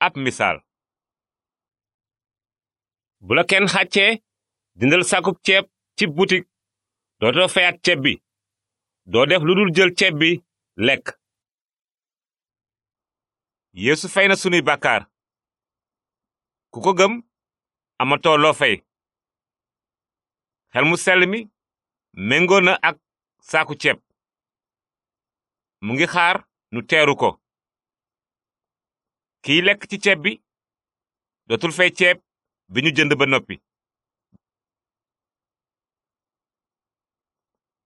ab misaal bu la kenn xàccee dindal sàkkub ceeb ci butik dootoo feyat ceeb bi doo def lu dul jël ceeb bi lekk yeesu fey na sunuy bàkkaar ku ko gëm amatoo loo fey xel mu sell mi méngoo na ak saaku ceeb mu ngi xaar nu teeru ko kii lekk ci ceeb bi dootul fay ceeb bi ñu jënd ba noppi